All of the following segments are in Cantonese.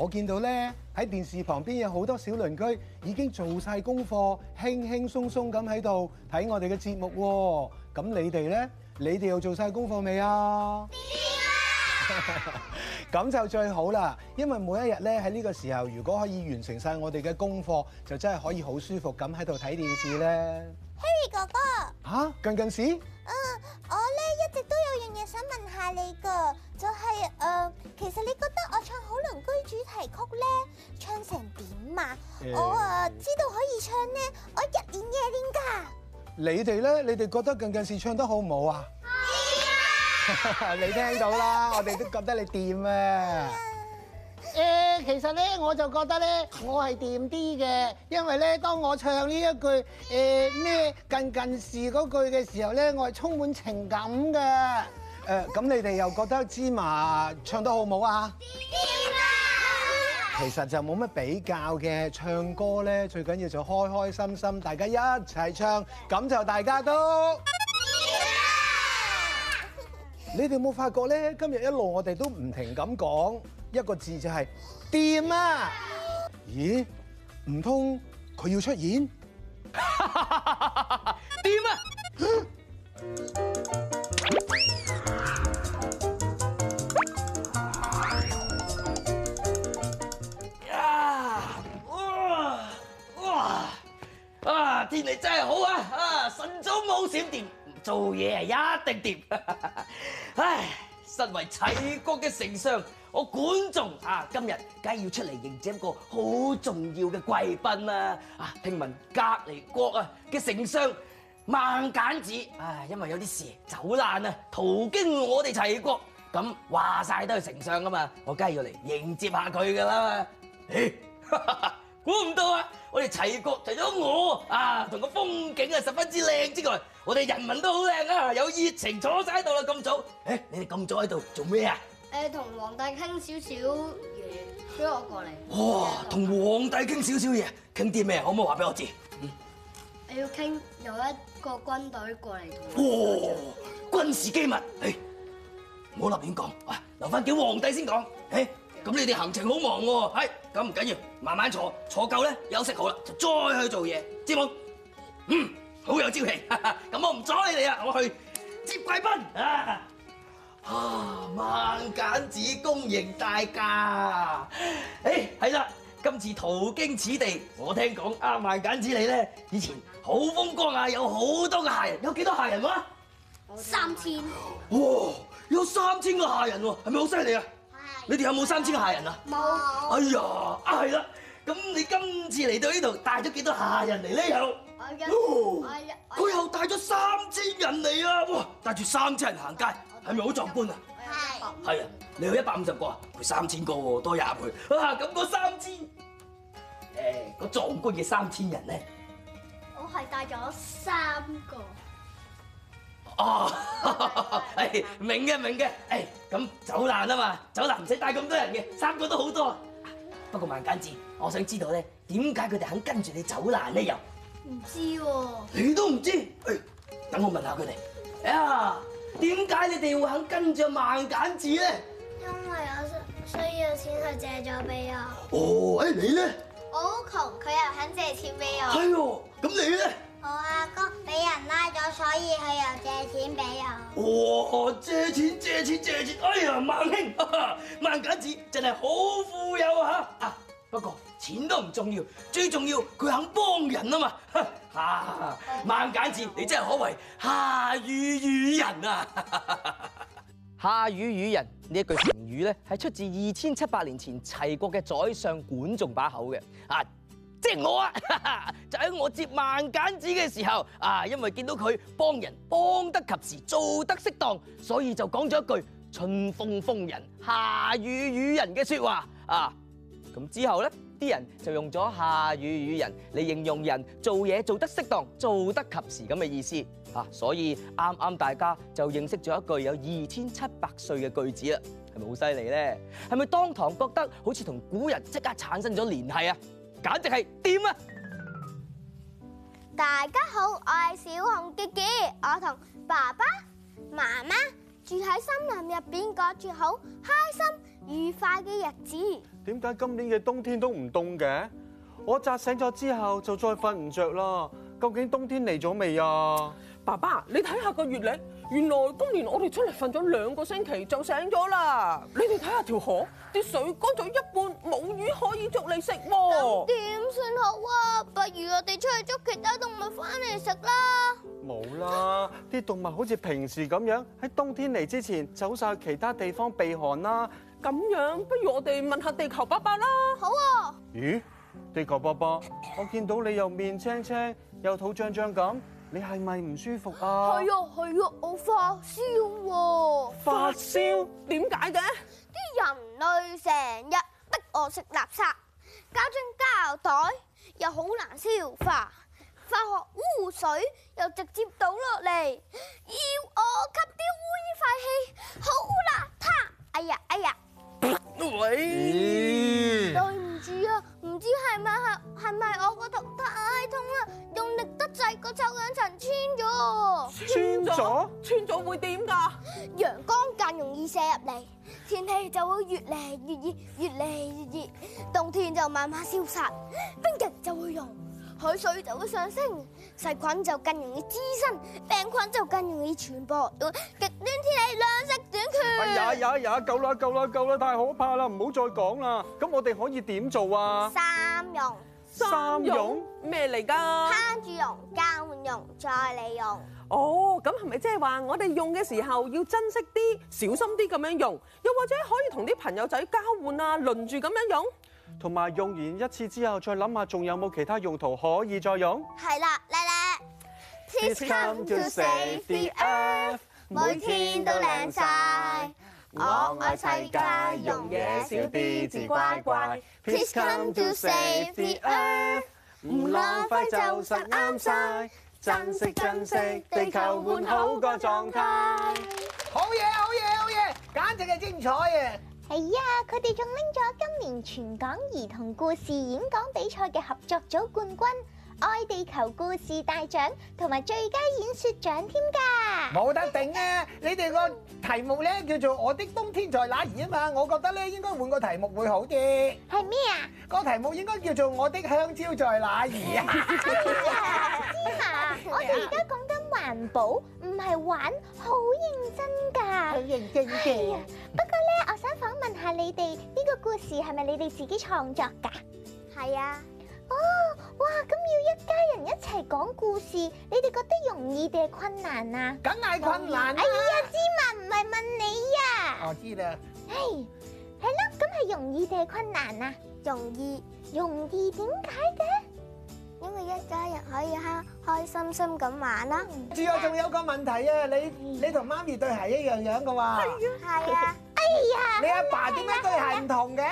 我見到呢喺電視旁邊有好多小鄰居已經做晒功課，輕輕鬆鬆咁喺度睇我哋嘅節目喎。咁你哋呢，你哋又做晒功課未啊？咁就最好啦，因為每一日呢喺呢個時候，如果可以完成晒我哋嘅功課，就真係可以好舒服咁喺度睇電視呢。Harry 哥哥吓，近近時？嗯，我呢一直都有樣嘢想問下你噶。曲咧唱成點啊？我啊知道可以唱咧，我日練夜練噶。你哋咧，你哋覺得近近事唱得好唔好啊？你聽到啦，我哋都覺得你掂啊。誒，其實咧，我就覺得咧，我係掂啲嘅，因為咧，當我唱呢一句誒咩近近事嗰句嘅時候咧，我係充滿情感嘅。誒，咁你哋又覺得芝麻唱得好唔好啊？其實就冇乜比較嘅，唱歌呢，最緊要就開開心心，大家一齊唱，咁就大家都。Yeah! 你哋有冇發覺呢？今日一路我哋都唔停咁講一個字，就係，就係掂啊！Yeah! 咦？唔通佢要出現？ 點？唉，身為齊國嘅丞相，我管仲啊，今日梗係要出嚟迎接一個好重要嘅貴賓啦！啊，聽聞隔籬國啊嘅丞相孟簡子，唉，因為有啲事走難啊，途經我哋齊國，咁話晒都係丞相噶嘛，我梗係要嚟迎接下佢噶啦。估唔到啊！我哋齊國除咗我啊，同個風景啊十分之靚之外，我哋人民都好靚啊！有熱情坐曬喺度啦，咁早。誒，你哋咁早喺度做咩啊？誒，同皇帝傾少少嘢，所以我過嚟。哇，同皇帝傾少少嘢，傾啲咩？可唔可以話俾我知？嗯，你要傾有一個軍隊過嚟。哇，軍事機密，哎，唔好立亂講，啊，留翻俾皇帝先講，哎。咁你哋行程好忙喎，係咁唔緊要，慢慢坐坐夠咧，休息好啦就再去做嘢，知冇？嗯，好有朝氣。咁我唔阻你哋啊，我去接貴賓啊！啊，孟簡子恭迎大駕。誒，係啦，今次途經此地，我聽講阿孟簡子你咧以前好風光啊，有好多個下人，有幾多下人喎？三千。哇，有三千個下人喎，係咪好犀利啊？你哋有冇三千個下人啊？冇。哎呀，啊，係啦，咁你今次嚟到呢度帶咗幾多下人嚟咧？又，佢又帶咗三千人嚟啊！哇，帶住三千人行街，係咪好壯觀啊？係。係啊，你有一百五十個啊，佢三千個多廿倍。啊，咁嗰三千，誒，嗰壯觀嘅三千人咧，我係帶咗三個。哦， 明嘅明嘅，哎，咁走難啊嘛，走難唔使帶咁多人嘅，三個都好多。不過孟簡子，我想知道咧，點解佢哋肯跟住你走難咧又？唔知喎、啊。你都唔知？哎，等我問下佢哋。哎、呀，點解你哋會肯跟住孟簡子咧？因為我需需要錢去借咗俾啊。哦，哎，你咧？我好窮，佢又肯借錢俾我。係哦、啊，咁你咧？我阿哥俾人拉咗，所以佢又借錢俾我。哇！借錢借錢借錢，哎呀，孟兄孟、啊、簡子真係好富有啊！啊，不過錢都唔重要，最重要佢肯幫人啊嘛。哈，孟簡子、嗯、你真係可謂夏雨雨人啊！啊夏雨雨人呢一句成語咧，係出自二千七百年前齊國嘅宰相管仲把口嘅啊。即係我啊！ 就喺我接孟簡子嘅時候啊，因為見到佢幫人幫得及時，做得適當，所以就講咗一句「春風風人，夏雨雨人」嘅説話啊。咁之後咧，啲人就用咗「夏雨雨人」嚟形容人做嘢做得適當、做得及時咁嘅意思啊。所以啱啱大家就認識咗一句有二千七百歲嘅句子啦，係咪好犀利咧？係咪當堂覺得好似同古人即刻產生咗聯繫啊？簡直係掂啊！大家好，我係小紅傑傑。我同爸爸媽媽住喺森林入邊，過住好開心愉快嘅日子。點解今年嘅冬天都唔凍嘅？我扎醒咗之後就再瞓唔著啦。究竟冬天嚟咗未啊？爸爸，你睇下個月曆。原來今年我哋出嚟，瞓咗兩個星期就醒咗啦！你哋睇下條河，啲水乾咗一半，冇魚可以捉嚟食喎。點算好啊？不如我哋出去捉其他動物翻嚟食啦。冇啦，啲動物好似平時咁樣，喺冬天嚟之前走晒其他地方避寒啦。咁樣，不如我哋問下地球伯伯啦。好啊。咦，地球伯伯，我見到你又面青青，又肚脹脹咁。你係咪唔舒服啊？係啊係啊，我發燒喎、啊！發燒點解嘅？啲人類成日逼我食垃圾，膠樽膠袋又好難消化，化學污水又直接倒落嚟，要我吸啲污煙廢氣，好邋遢！哎呀哎呀！喂，呃、對唔住啊，唔知係咪係係咪我個頭太痛啦，用力得滯個臭氧層穿咗，穿咗，穿咗會點噶？陽光更容易射入嚟，天氣就會越嚟越熱，越嚟越熱，冬天就慢慢消失，冰人就會融。海水就會上升，細菌就更容易滋生，病菌就更容易傳播。極端天氣，糧食短缺。呀呀呀！夠啦夠啦夠啦！太可怕啦，唔好再講啦。咁我哋可以點做啊？三用，三用咩嚟㗎？慳住用，交換用，再利用。哦，咁係咪即係話我哋用嘅時候要珍惜啲，小心啲咁樣用，又或者可以同啲朋友仔交換啊，輪住咁樣用？同埋用完一次之後，再諗下仲有冇其他用途可以再用？係啦，叻叻。係呀，佢哋仲拎咗今年全港兒童故事演講比賽嘅合作組冠軍、愛地球故事大獎同埋最佳演說獎添㗎。冇得頂啊！你哋個題目呢叫做《我的冬天在哪兒》啊嘛，我覺得呢應該換個題目會好啲。係咩啊？個題目應該叫做《我的香蕉在哪兒》啊。芝麻，我哋而家講。難保唔係玩，好認真噶，好認真嘅。不過咧，我想訪問下你哋呢個故事係咪你哋自己創作噶？係啊。哦，哇，咁要一家人一齊講故事，你哋覺得容易定係困難啊？梗係困難啦。哎呀，芝麻唔係問你呀。我知啦。唉，係咯，咁係容易定係困難啊？容易，容易點解嘅？因為一家人可以開開心心咁玩啦。仲有仲有個問題啊，你你同媽咪對鞋一樣樣嘅話，係啊，係啊。哎呀，你阿爸點解對鞋唔同嘅？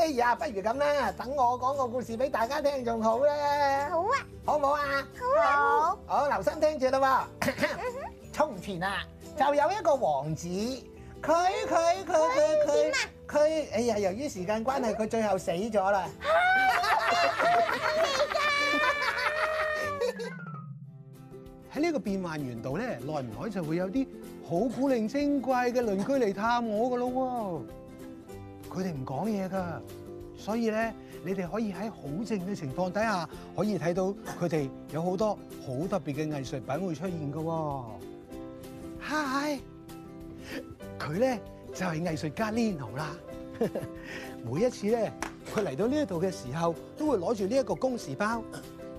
哎呀，不如咁啦，等我講個故事俾大家聽仲好咧。好啊。好唔好啊？好啊。好，留心聽住啦。從前啊，就有一個王子。佢佢佢佢佢佢，哎呀！由於時間關係，佢最後死咗啦。喺呢個變幻園度，咧，耐唔耐就會有啲好古靈精怪嘅 鄰居嚟探我㗎咯。佢哋唔講嘢㗎，所以咧，你哋可以喺好靜嘅情況底下，可以睇到佢哋有好多好特別嘅藝術品會出現㗎喎。Hi。 佢咧就係藝術家 Leo 啦， 每一次咧佢嚟到呢一度嘅時候，都會攞住呢一個公事包，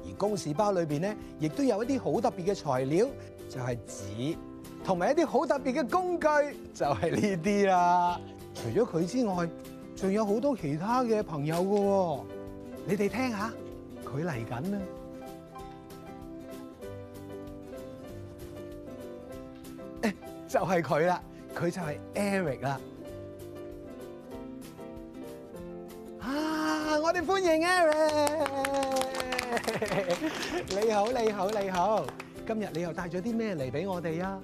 而公事包裏邊咧亦都有一啲好特別嘅材料，就係、是、紙，同埋一啲好特別嘅工具，就係呢啲啦。除咗佢之外，仲有好多其他嘅朋友噶、哦，你哋聽下，佢嚟緊啦，誒， 就係佢啦。佢就係 Eric 啦！啊，我哋歡迎 Eric！你好，你好，你好！今日你又帶咗啲咩嚟畀我哋啊？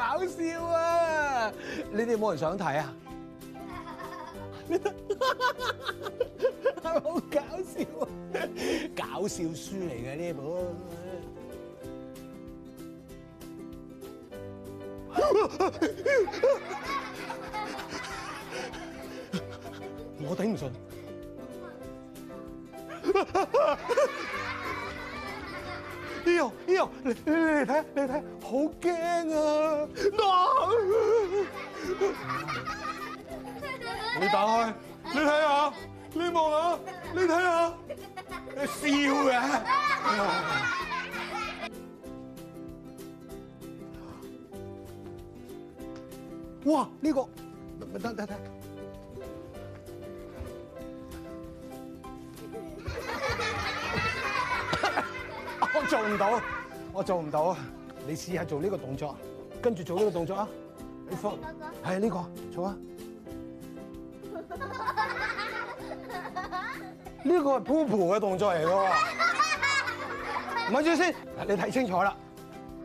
搞笑啊！你哋有冇人想睇啊？係咪好搞笑啊？ 搞笑書嚟嘅呢部，我頂唔順。依哦依哦，你嚟睇下，你睇，好驚啊！你、no! 打開，你睇下、啊，你望下、啊，你睇下、啊，你笑嘅。 哇！呢、呢個，等等睇做唔到，我做唔到。你試下做呢個動作，跟住做呢個動作啊！你放，係呢、啊這個做啊！呢 個係 poo poo 嘅動作嚟、啊、嘅，慢住先，你睇清楚啦，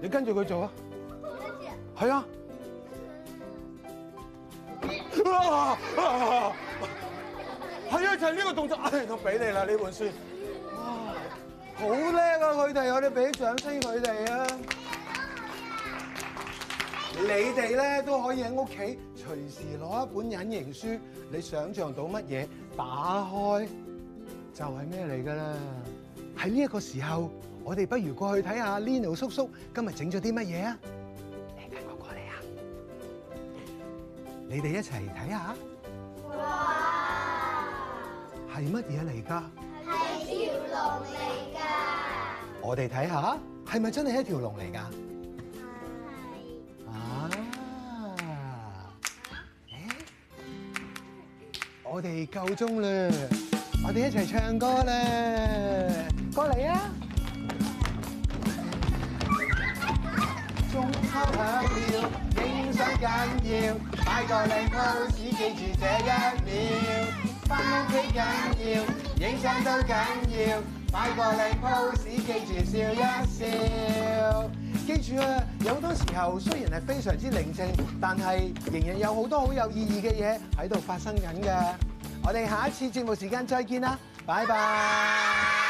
你跟住佢做啊，跟住！係啊，係啊，就呢、是、個動作，哎、我俾你啦，呢本書。好叻啊！佢哋我哋俾掌聲佢哋啊！Yeah, 你哋咧都可以喺屋企隨時攞一本隱形書，你想象到乜嘢打開就係咩嚟噶啦！喺呢一個時候，我哋不如過去睇下 Lino 叔叔今日整咗啲乜嘢啊！你跟，hey, 我過嚟啊！ 你哋一齊睇下。哇！係乜嘢嚟噶？係條龍嚟。我哋睇下，係咪真係一條龍嚟㗎？係。啊！我哋夠鐘啦，我哋一齊唱歌啦，過嚟啊！鐘敲響了，影相緊要，擺個靚 pose，記住這一秒，返屋企緊要，影相都緊要。擺個靚 pose，記住笑一笑。記住啊，有好多時候雖然係非常之寧靜，但係仍然有好多好有意義嘅嘢喺度發生緊㗎。我哋下一次節目時間再見啦，拜拜。拜拜。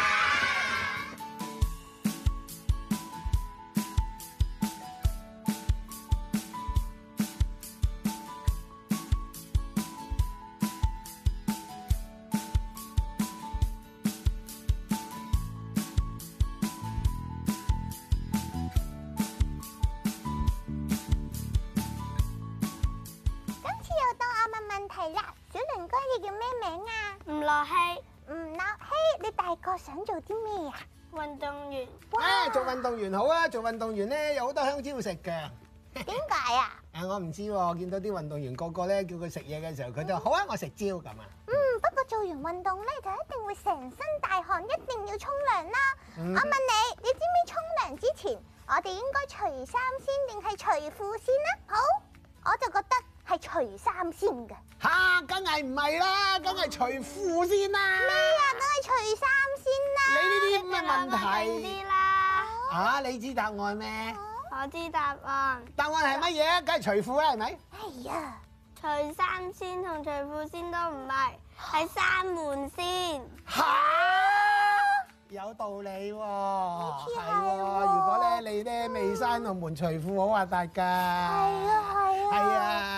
動員，哇做運動員好啊！做運動員呢有好多香蕉食㗎。點 解啊？誒，我唔知喎、啊，見到啲運動員個，個個呢叫佢食嘢嘅時候，佢就、嗯、好啊，我食蕉咁啊。嗯，不過做完運動呢，就一定會成身大汗，一定要沖涼啦。嗯、我問你，你知唔知沖涼之前，我哋應該除衫先定係除褲先啊？好，我就覺得。係除衫先嘅，吓，梗係唔係啦，梗係除褲先啦。咩啊？梗係除衫先啦。你呢啲咩係問題，啲啦。吓，你知答案咩？我知答案。答案係乜嘢？梗係除褲啦，係咪？係啊，除衫先同除褲先都唔係，係閂門先。吓！有道理喎，係喎。如果咧你咧未閂同門除褲，好核突㗎。係啊係啊。係啊。